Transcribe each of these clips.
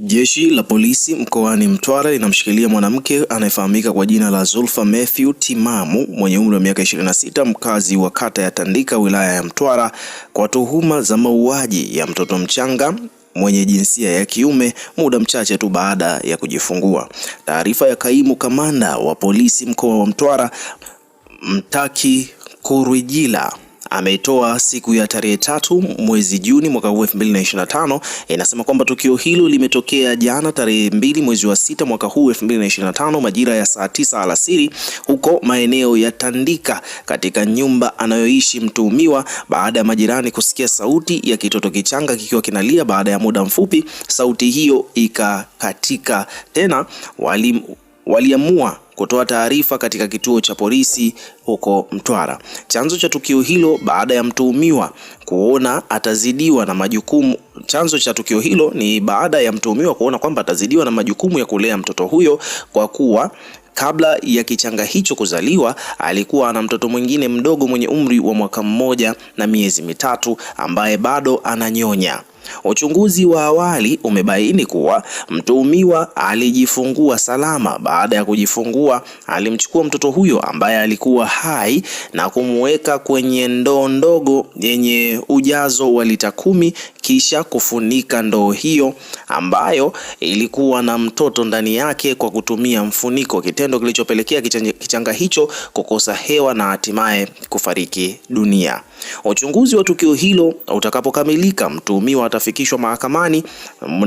Jeshi la polisi mkoani Mtwara linamshikilia mwanamke anayefahamika kwa jina la Zulfa Mathew Timamu mwenye umri wa miaka 26 na sita mkazi wa kata ya Tandika wilaya ya Mtwara kwa tuhuma za mauaji ya mtoto mchanga mwenye jinsia ya kiume muda mchache tu baada ya kujifungua. Taarifa ya kaimu kamanda wa polisi mkoa wa Mtwara Mtaki Kurujila ameitoa siku ya tarehe tatu mwezi Juni mwaka huu 2025. Inasema kwamba tukio hilo limetokea jana tarehe mbili mwezi wa sita mwaka huu 2025 majira ya saa tisa alasiri huko maeneo ya Tandika katika nyumba anayoishi mtuhumiwa baada ya majirani kusikia sauti ya kitoto kichanga kikiwa kinalia. Baada ya muda mfupi sauti hiyo ikakatika tena, waliamua kutoa taarifa katika kituo cha polisi huko Mtwara. Chanzo cha tukio hilo baada ya mtuhumiwa kuona atazidiwa na majukumu. Chanzo cha tukio hilo ni baada ya mtuhumiwa kuona kwamba atazidiwa na majukumu ya kulea mtoto huyo kwa kuwa kabla ya kichanga hicho kuzaliwa alikuwa ana mtoto mwingine mdogo mwenye umri wa mwaka mmoja na miezi mitatu ambaye bado ananyonya. Uchunguzi wa awali umebaini kuwa mtuhumiwa alijifungua salama. Baada ya kujifungua, alimchukua mtoto huyo ambaye alikuwa hai na kumweka kwenye ndoo ndogo yenye ujazo wa lita kumi kisha kufunika ndoo hiyo ambayo ilikuwa na mtoto ndani yake kwa kutumia mfuniko, kitendo kilichopelekea kichanga hicho kukosa hewa na hatimaye kufariki dunia. Uchunguzi wa tukio hilo utakapokamilika, mtuhumiwa atafikishwa mahakamani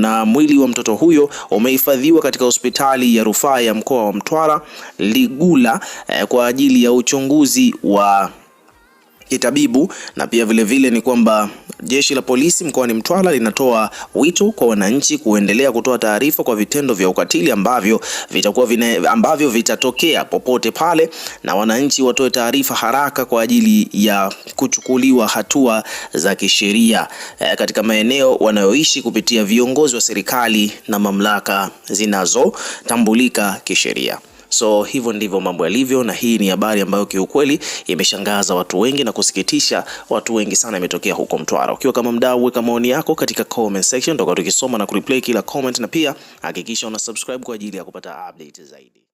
na mwili wa mtoto huyo umehifadhiwa katika hospitali ya rufaa ya mkoa wa Mtwara Ligula eh, kwa ajili ya uchunguzi wa kitabibu na pia vilevile vile ni kwamba Jeshi la polisi mkoani Mtwara linatoa wito kwa wananchi kuendelea kutoa taarifa kwa vitendo vya ukatili ambavyo vitakuwa vine, ambavyo vitatokea popote pale, na wananchi watoe taarifa haraka kwa ajili ya kuchukuliwa hatua za kisheria e, katika maeneo wanayoishi kupitia viongozi wa serikali na mamlaka zinazotambulika kisheria. So hivyo ndivyo mambo yalivyo, na hii ni habari ambayo kiukweli imeshangaza watu wengi na kusikitisha watu wengi sana, imetokea huko Mtwara. Ukiwa kama mdau, weka maoni yako katika comment section, tutakuwa tukisoma na kureplay kila comment, na pia hakikisha una subscribe kwa ajili ya kupata update zaidi.